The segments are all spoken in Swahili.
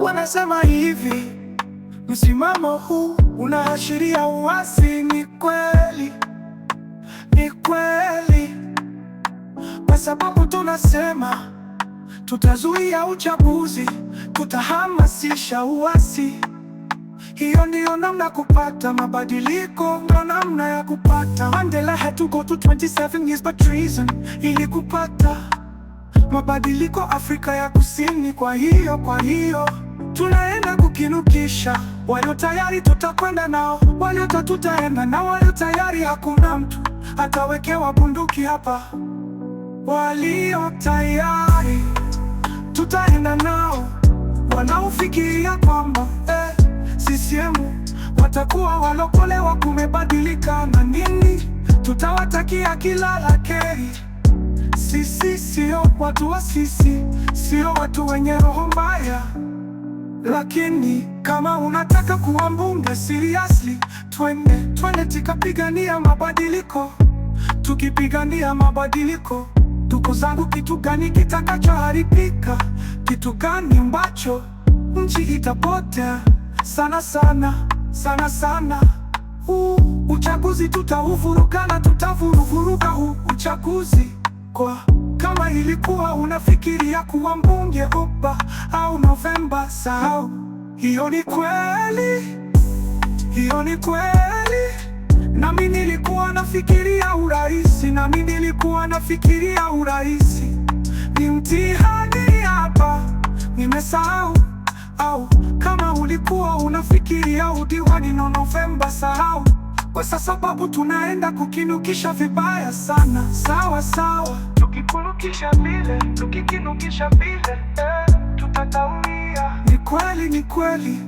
wanasema hivi, msimamo huu unaashiria uasi. Ni kweli, ni kweli, kwa sababu tunasema tutazuia uchaguzi, tutahamasisha uasi. Hiyo ndiyo namna kupata mabadiliko, ndo namna ya kupata Mandela had to go to 27 years but treason, ili kupata mabadiliko Afrika ya Kusini. Kwa hiyo, kwa hiyo tunaenda kukinukisha, walio tayari tutakwenda nao, waliota tutaenda na walio tayari, hakuna mtu atawekewa bunduki hapa. Walio tayari tutaenda nao, wanaofikiria kwamba eh, CCM watakuwa walokolewa, kumebadilika na nini, tutawatakia kila la kheri. Sisi sio watu wa sisi, sio watu wenye roho mbaya. Lakini kama unataka kuwa mbunge seriously, twende twende tikapigania mabadiliko. Tukipigania mabadiliko, tuko zangu, kitu gani kitakachoharibika? Kitu gani ambacho nchi itapotea? Sana sana sana sana, huu uchaguzi na tutavuruvuruka huu uchaguzi kwa kama ilikuwa unafikiria kuwa mbunge Oba au Novemba, sahau hiyo. Ni kweli, hiyo ni kweli. Nami nilikuwa nafikiria uraisi, nami nilikuwa nafikiria uraisi. Ni mtihani hapa, nimesahau au kama ulikuwa unafikiria udiwani no Novemba, sahau kwa sababu tunaenda kukinukisha vibaya sana. Sawa sawa. Tukikurukisha mbele, tukikinukisha mbele, eh, tutatawia. Ni kweli, ni kweli,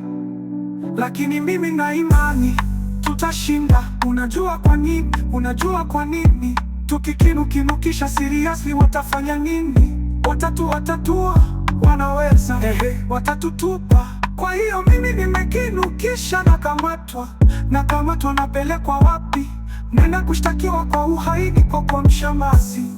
lakini mimi na imani tutashinda. Unajua kwa nini? Unajua kwa nini? Tukikinukinukisha seriously, watafanya nini? Watatu watatua, wanaweza ehe, watatutupa. Kwa hiyo mimi nimekinukisha, nakamatwa, nakamatwa, napelekwa wapi? Nenda kushtakiwa kwa uhaini kwa kwa mshamasi.